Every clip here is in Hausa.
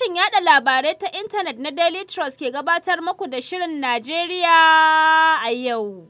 Sashen yada labarai ta intanet na Daily Trust ke gabatar muku da Shirin Najeriya a yau.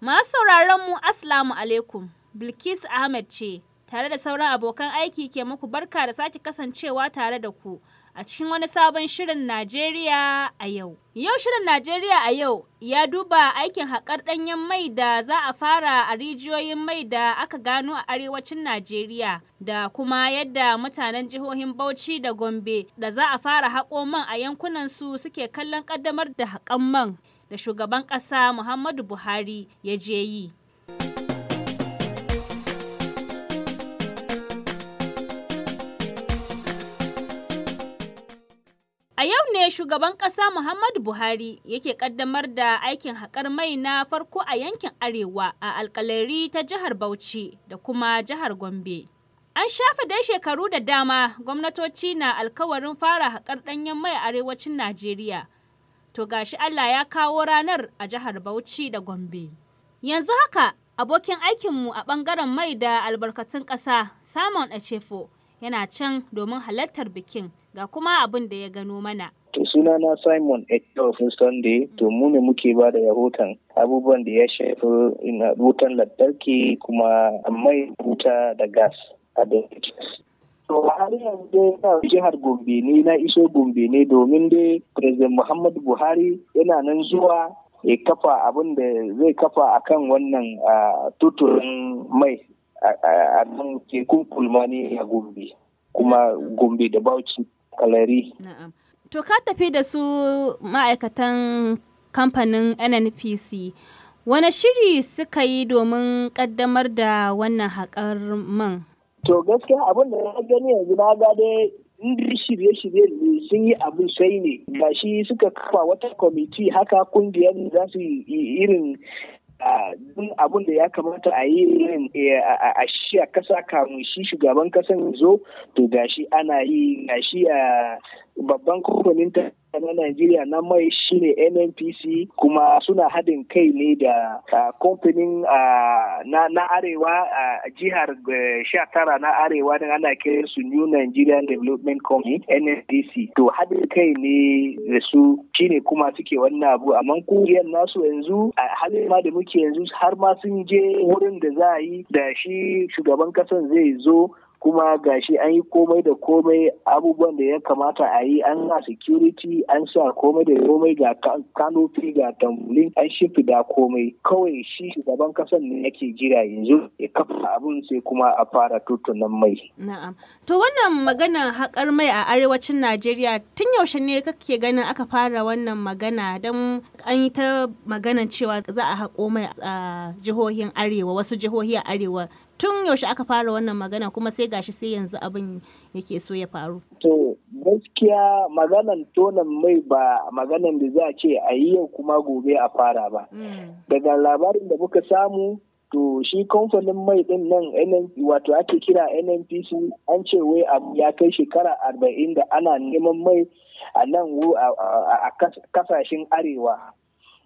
Masu sauraron mu Aslamu alaikum, Bilkis Ahmed ce, tare da sauran abokan aiki ke muku barka da sake kasancewa tare da ku. a cikin wani sabon shirin Najeriya a yau. Yau shirin Najeriya a yau ya duba aikin haƙar ɗanyen mai da za a fara a rijiyoyin mai da aka gano a arewacin Najeriya da kuma yadda mutanen jihohin Bauchi da Gombe da za a fara haƙo man a yankunan su suke kallon ƙaddamar da haƙan man da shugaban ƙasa Muhammadu Buhari ya je yi. yau ne shugaban ƙasa Muhammadu Buhari yake ƙaddamar da aikin haƙar mai na farko a yankin Arewa a alƙalari ta jihar Bauchi da kuma jihar Gombe. An shafa dai shekaru da dama gwamnatoci na alkawarin fara haƙar ɗanyen mai arewacin Najeriya. To gashi Allah ya kawo ranar a jihar Bauchi da Gombe. Yanzu haka abokin aikinmu a ɓangaren mai da albarkatun ƙasa Simon Echefo yana can domin halartar bikin ga kuma abin da ya gano mana. To suna na Simon of Sunday to mu ne muke ba da rahoton abubuwan da ya shafi ina rutan lantarki kuma mai wuta da gas a Dutchess. To har yanzu na jihar Gombe ne na iso Gombe ne domin dai President Muhammadu Buhari yana nan zuwa ya kafa abin da zai kafa akan wannan tuturin mai a nan kulma ne a gombe kuma gombe da bauchi kalari to ka tafi da su ma'aikatan kamfanin nnpc wani shiri suka yi domin kaddamar da wannan haƙar man to gaskiya abin da na gani yanzu na ga dai shirye shirye-shirye sun yi abin sai ne gashi suka kafa wata kwamiti haka kungiyar za su irin duk abin da ya kamata a yi irin eh, a shi a kasa kamun shi shugaban kasan zo to gashi ana yi gashi a babban kamfanin ta ta na Najeriya na mai shine NNPC kuma suna haɗin kai ne da kamfanin na arewa a jihar eh, sha tara na arewa don ana kiran su New Nigerian Development Company NNPC to haɗin kai ne da su shine kuma suke wannan abu amma kungiyar nasu yanzu a halin ma da muke yanzu har ma sun je wurin da za a yi da shi shugaban kasan zai zo kuma gashi an yi komai da komai abubuwan da ya kamata a yi an na security an sa komai da komai ga kanofi ga tambulin an shifi da komai kawai shi shugaban kasan ne yake jira yanzu ya kafa abun sai kuma a fara tutunan mai na'am to wannan magana haƙar mai a arewacin najeriya tun yaushe ne kake ganin aka fara wannan magana don an yi ta magana cewa za a haƙo mai a jihohin arewa wasu jihohi a arewa tun yaushe aka fara wannan magana kuma sai gashi sai yanzu abin yake so ya faru. To gaskiya maganan tonan mai ba maganan da za a ce a yi yau kuma gobe a fara ba. Mm. Daga labarin da muka samu to shi kamfanin mai din nan wato ake kira nnpc an ce wai ya kai shekara arba'in da ana neman mai a nan a kasashen arewa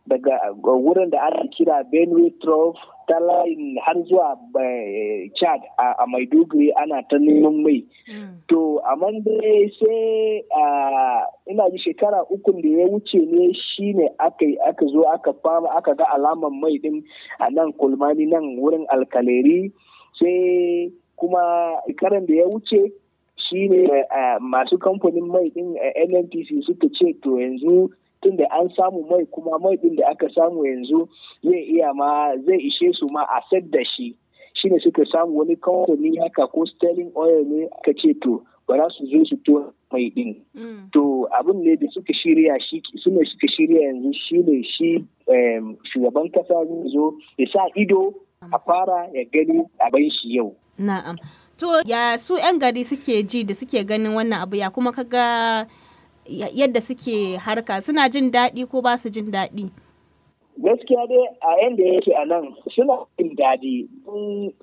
daga wurin da ana kira benue Trove ta layin har zuwa eh, chad a maiduguri ana ta neman mai mm. to amma dai sai ina ji shekara ukun da ya wuce ne shine aka aka zo aka fama aka ga alaman mai din a nan kulmani nan wurin alkaleri sai kuma karan da ya wuce shine eh, masu kamfanin mai din eh, nnpc suka ce to yanzu ɗin da an samu mai kuma mai ɗin da aka samu yanzu zai iya ma zai ishe su ma a sad da shi shi ne suka samu wani kamfani haka ko sterling oil ne aka ce to ba za su zo su to mai ɗin. Mm. To abin ne da suka shirya shi suna suka shirya yanzu ne shi shugaban kasa zai zo ya sa ido a fara ya gani abin shi yau. Na'am. To ya su 'yan gari suke ji da suke ganin wannan abu ya kuma kaga yadda suke harka suna jin daɗi ko ba su jin daɗi gaskiya dai a yadda yake a nan suna jin daɗi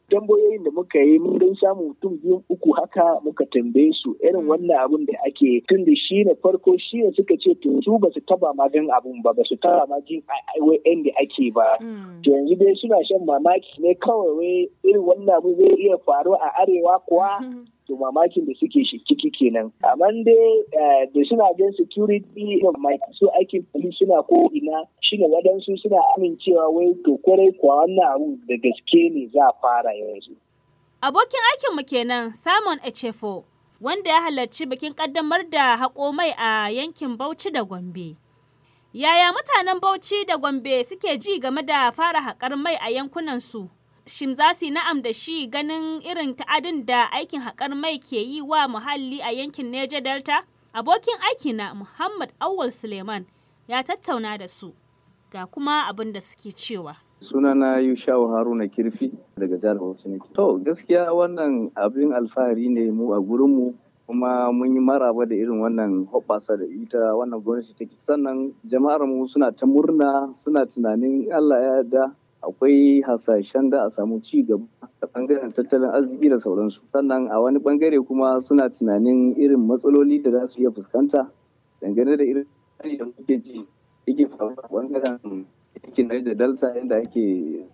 tambayoyin da muka yi mun don samu mutum biyu uku haka muka tambaye su irin hmm. wannan abun da ake tun da shi ne farko shi ne suka ce to su ba su taba ma gan abun ba ba su taba ma jin wai da ake ba hmm. to yanzu dai suna shan mamaki ne kawai wai irin wannan abu zai iya faru a arewa kuwa hmm. to mamakin da suke shi ciki kenan amma dai eh, da suna gan security su aikin police suna ko ina shine wadansu suna amincewa wai to kwarai kuwa wannan abu da gaske ne za a fara yanzu abokin aikin mu kenan Simon Echefo wanda ya halarci bikin kaddamar da haƙo mai a yankin Bauchi da Gombe. Yaya mutanen Bauchi da Gombe suke ji game da fara haƙar mai a yankunan su shin za su yi na'am da shi ganin irin ta'adin da aikin haƙar mai ke yi wa muhalli a yankin Neja Delta? Abokin aiki na Muhammad Awal Suleiman ya tattauna da su ga kuma abin da suke cewa. suna sunana yushawu haruna kirfi daga jihar bauchi nake to gaskiya wannan abin alfahari ne mu a gurinmu kuma mun yi maraba da irin wannan hoɓɓasa da ita wannan gwamnati take sannan jama'ar mu suna ta murna suna tunanin allah ya yarda akwai hasashen da a samu ci gaba bangaren tattalin arziki da sauransu sannan a wani bangare kuma suna tunanin irin matsaloli da za su iya fuskanta dangane da irin da muke ji yake faruwa bangaren yake Niger Delta yadda ake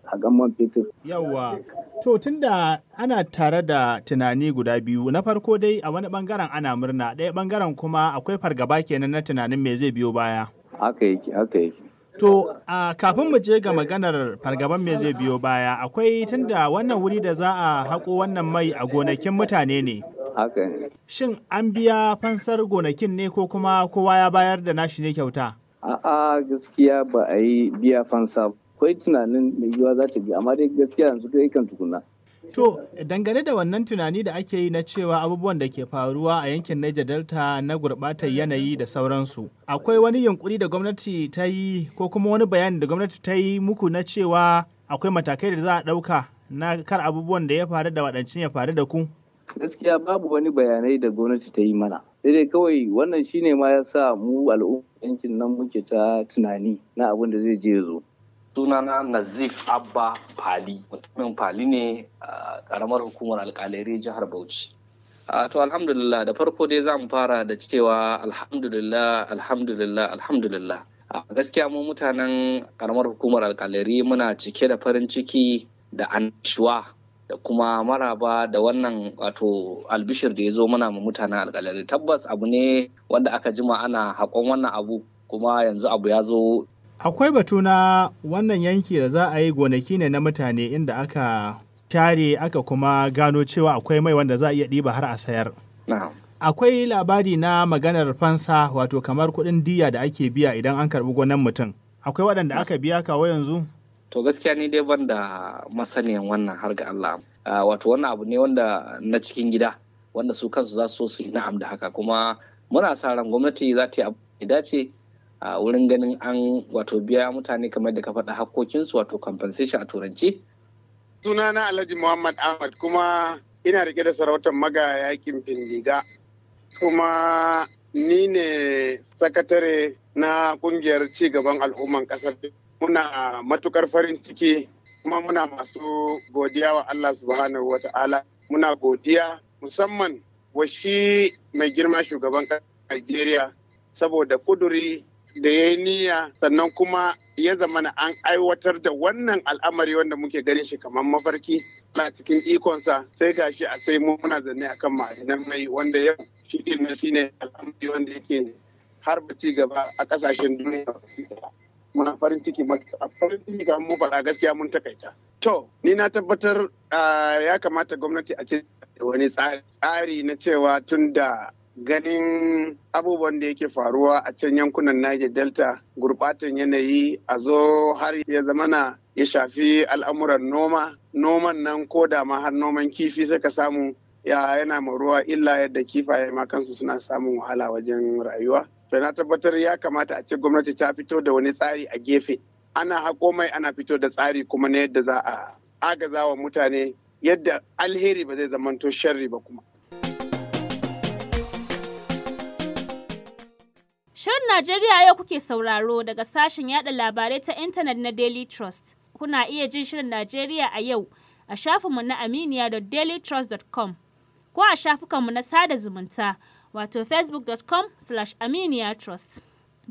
hagan man fetur. Yawwa, to tunda ana tare da tunani guda biyu na farko dai a wani bangaren ana murna ɗaya bangaren kuma akwai fargaba kenan na tunanin me zai biyo baya. Haka yake, haka yake. To, a kafin mu je ga maganar fargaban me zai biyo baya, akwai tunda wannan wuri da za a haƙo wannan mai a gonakin mutane ne. Haka Shin an biya fansar gonakin ne ko kuma kowa ya bayar da nashi ne kyauta? A'a gaskiya ba a yi biya fansa. kwai tunanin mai yiwuwa za ta biya, amma dai gaskiya yanzu dai kan tukuna. To, dangane da wannan tunani da ake yi na cewa abubuwan da ke faruwa a yankin Niger Delta na gurɓatar yanayi da sauransu, akwai wani yunkuri da gwamnati ta yi ko kuma wani bayani da gwamnati ta yi muku na cewa akwai matakai da za a ɗauka na kar abubuwan da ya faru da waɗancin ya faru da ku? Gaskiya babu wani bayanai da gwamnati ta yi mana. Sai kawai wannan shine ma ya sa mu al'umma yankin nan muke ta tunani na abin da zai je zo. sunana nazif abba fali mutumin fali ne a karamar hukumar alkalai jihar bauchi to alhamdulillah da farko dai za mu fara da cewa alhamdulillah alhamdulillah alhamdulillah a gaskiya mu mutanen karamar hukumar alkalari muna cike da farin ciki da annashuwa da kuma maraba da wannan wato albishir da ya zo mana mutanen alkalari tabbas abu ne wanda aka jima ana haƙon wannan abu kuma yanzu abu ya zo akwai batu na wannan yanki da za a yi gonaki ne na mutane inda aka share aka kuma gano cewa akwai mai wanda za a iya ɗiba har a sayar. Akwai labari na maganar fansa wato kamar kuɗin diya da ake biya idan an karɓi gonan mutum. Akwai waɗanda aka biya kawo yanzu? To gaskiya ni dai ban da masaniyan wannan har ga Allah. Wato wannan abu ne wanda na cikin gida wanda su kansu za su so su yi na'am da haka kuma muna sa ran gwamnati za ta yi abu dace a wurin ganin an wato biya mutane kamar da ka faɗa hakkokinsu wato compensation a turanci? Suna na Alhaji Muhammad Ahmad kuma ina rike da sarautar maga yakin kuma ni ne sakatare na kungiyar cigaban al'umman ƙasar muna matukar farin ciki kuma muna masu godiya wa Allah subhanahu wa ta'ala muna godiya musamman wa shi mai girma shugaban Najeriya saboda kuduri da ya yi niyya sannan kuma ya na an aiwatar da wannan al'amari wanda muke ganin shi kamar mafarki na cikin ikonsa sai gashi a sai muna zanne akan ma'adinan mai wanda ya shi ne shine al'amari wanda yake harba ci gaba a kasashen duniya muna farin ciki farin ciki kamar mu faɗa gaskiya mun takaita to ni na tabbatar ah, ya kamata gwamnati a ce wani tsari na cewa tun da ganin abubuwan da yake faruwa a can yankunan Niger Delta gurbatan yanayi a zo har ya zamana ya shafi al'amuran noma noman nan ko da ma har noman kifi sai ka samu ya yana ma ruwa illa yadda kifaye ma kansu suna samun wahala wajen rayuwa to na tabbatar ya kamata a ce gwamnati ta fito da wani tsari a gefe ana haƙo mai ana fito da tsari kuma na yadda za a agaza wa mutane yadda alheri ba zai zamanto sharri ba kuma Shirin Najeriya yau kuke sauraro daga sashen yada labarai ta intanet na Daily Trust. Kuna iya jin Shirin Najeriya a yau a shafinmu na aminiya.dailytrust.com ko a shafukanmu na sada zumunta wato facebook.com slash aminiyatrust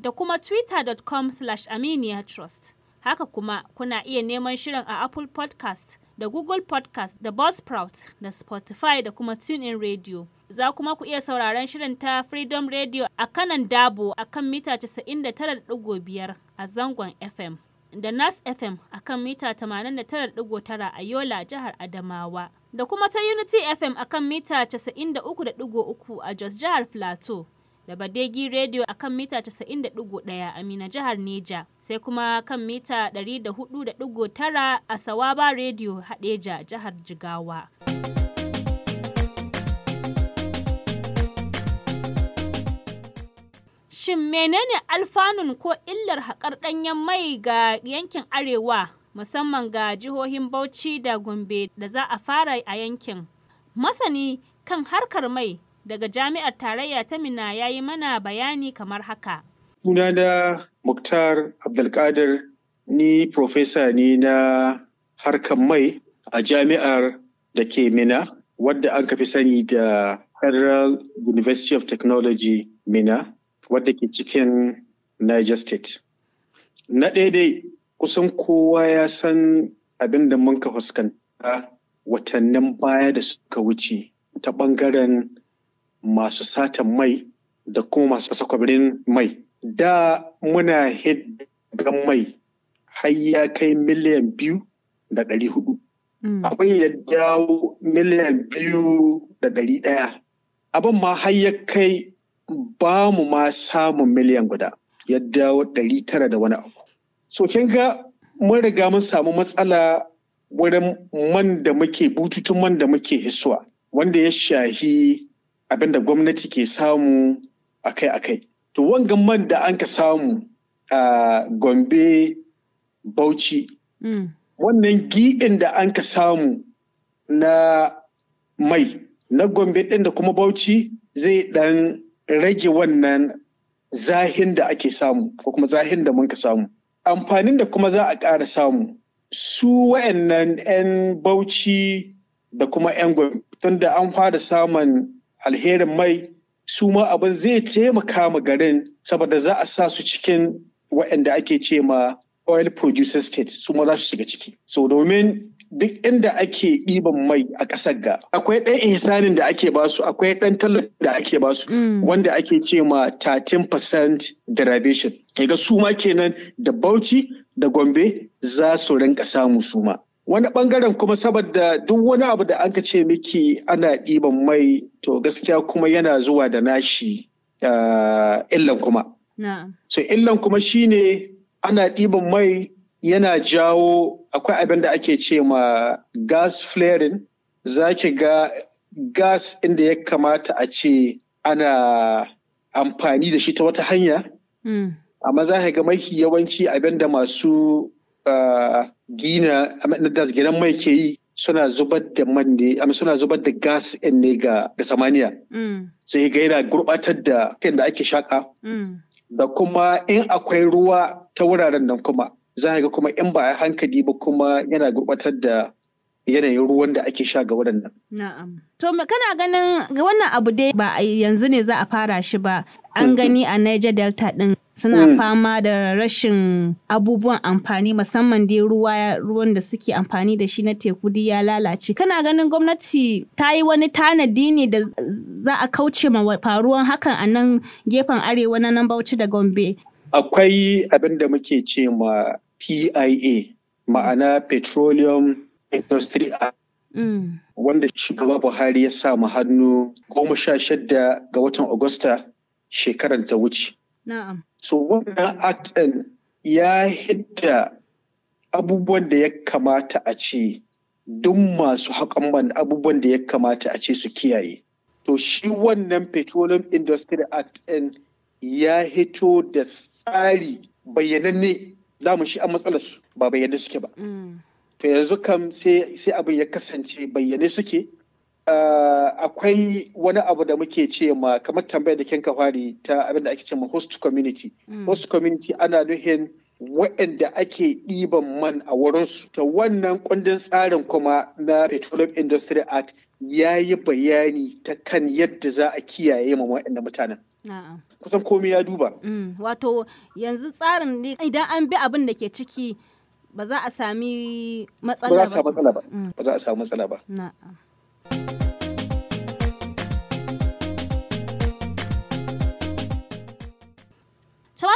da kuma twitter.com slash aminiyatrust. Haka kuma kuna iya neman shirin a Apple podcast da Google Podcast da Buzzsprout da Spotify da kuma TuneIn Radio. Za kuma ku iya sauraron shirin ta Freedom Radio a kanan Dabo a kan mita 99.5 a zangon FM. Da Nas FM a kan mita 89.9 a Yola jihar Adamawa. Da kuma ta Unity FM a kan mita 93.3 a Jos jihar Plateau. da Badegi Radio a kan mita 91 a jihar Neja, sai kuma kan mita 104.9 a Sawaba Radio Hadeja jihar Jigawa. Shin menene alfanun ko illar haƙar ɗanyen mai ga yankin Arewa, musamman ga jihohin Bauchi da Gombe da za a fara a yankin? Masani kan harkar mai daga jami'ar tarayya ta Mina ya yi mana bayani kamar haka. da Muktar Abdulkadir ni profesa ne na harkar mai a jami'ar da ke Mina wadda an kafi sani da Federal University of Technology Mina wadda ke cikin Niger State. Na daidai kusan kowa ya san abin da mun fuskanta watannin baya da suka wuce ta ɓangaren masu satan mai da kuma masu sakwabirin mai. Da muna hidda mai har ya kai miliyan biyu da ɗari hudu. Mm. Abin ya dawo miliyan biyu da ɗari ɗaya. Abin ma har ya kai ba mu ma samun miliyan guda ya dawo ɗari tara da wani abu. So kin ga mun riga mun samu matsala wurin man da muke bututun man da muke hisuwa wanda ya shahi abinda gwamnati ke samu akai-akai. To wangan man da an ka samu a Gombe Bauchi, mm. wannan giɓin da an ka samu na mai na Gombe ɗin da kuma Bauchi zai ɗan rage wannan zahin da ake samu ko kuma zahin da mun ka samu. Amfanin da kuma za a ƙara samu su wayannan 'yan Bauchi da kuma 'yan Gombe tunda an fara samun alherin mai su ma abin zai taimaka ma garin saboda za a sa su cikin waɗanda ake ce ma oil producer states su ma za su shiga ciki so domin duk inda ake ɗiban mai a ƙasar ga akwai ɗan ihsanin da ake basu akwai ɗan tallafin da ake basu mm. wanda ake ce ma 13% derivation ga su ma kenan da bauchi da gombe za su rinka samu su ma wani bangaren kuma saboda duk wani abu da anka ce miki ana ɗiban mai to gaskiya kuma yana zuwa da nashi eh, illan kuma so illan kuma shine ana ɗiban mai yana jawo akwai abin da ake ce ma gas flaring za ki ga gas inda ya kamata a ce ana amfani da shi ta wata hanya mm. amma za ka ga mafi yawanci abin da masu eh, gina da gidan mai ke yi suna zubar da man ne suna zubar da gas in ne ga samaniya mm. sai ga yana gurbatar da kan da ake shaka mm. da kuma in akwai ruwa ta wuraren nan kuma za ga kuma in ba a hankali ba kuma yana gurbatar da yanayin ruwan da ake sha ga waɗannan. Na'am. To kana ganin wannan abu dai ba yanzu ne za a fara shi ba an mm-hmm. gani a Niger Delta ɗin suna mm. fama da rashin abubuwan amfani musamman dai ruwa ruwan da suke amfani da shi na teku duk ya lalace kana ganin gwamnati ta yi wani tanadi ne da za a kauce ma faruwan hakan a nan gefen arewa na nan bauchi da gombe akwai abin da muke ce ma PIA ma'ana Petroleum Industry mm. wanda shugaba Buhari ya mu hannu goma sha shidda ga watan Agusta shekarar ta wuce. So wannan act ɗin ya hidda abubuwan da ya kamata a ce duk masu haƙan abubuwan da ya kamata a ce su kiyaye. To shi wannan Petroleum Industry Act ɗin ya hito da tsari bayyananne damu shi a matsalar su ba bayyane suke ba. Mm. To yanzu kam sai abin ya kasance bayyane suke Ah, akwai wani abu da muke ce ma kamar tambayar da kenka fari ta abin da ake ce ma host community mm. host community ana nuhin waɗanda ake ɗiban man a wurinsu ta wannan kundin tsarin kuma na petroleum industry act ya yi bayani ta kan yadda za a kiyaye ma waɗanda mutanen kusan komi ya duba mm, wato yanzu tsarin idan an bi abin da ke ciki ba za a sami matsala ba mm. ba za a sami matsala ba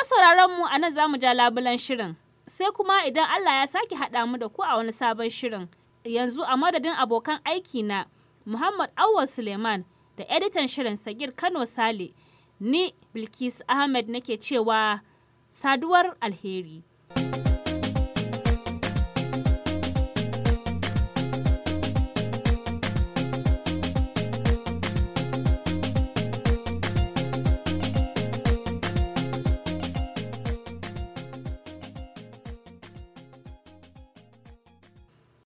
sauraron mu a nan za mu ja labulan shirin. Sai kuma idan Allah ya sake haɗa mu da ku a wani sabon shirin. Yanzu a madadin abokan aiki na Muhammad Awwal Suleiman da editan shirin Sagir Kano Sale. Ni bilkis Ahmed nake cewa saduwar alheri.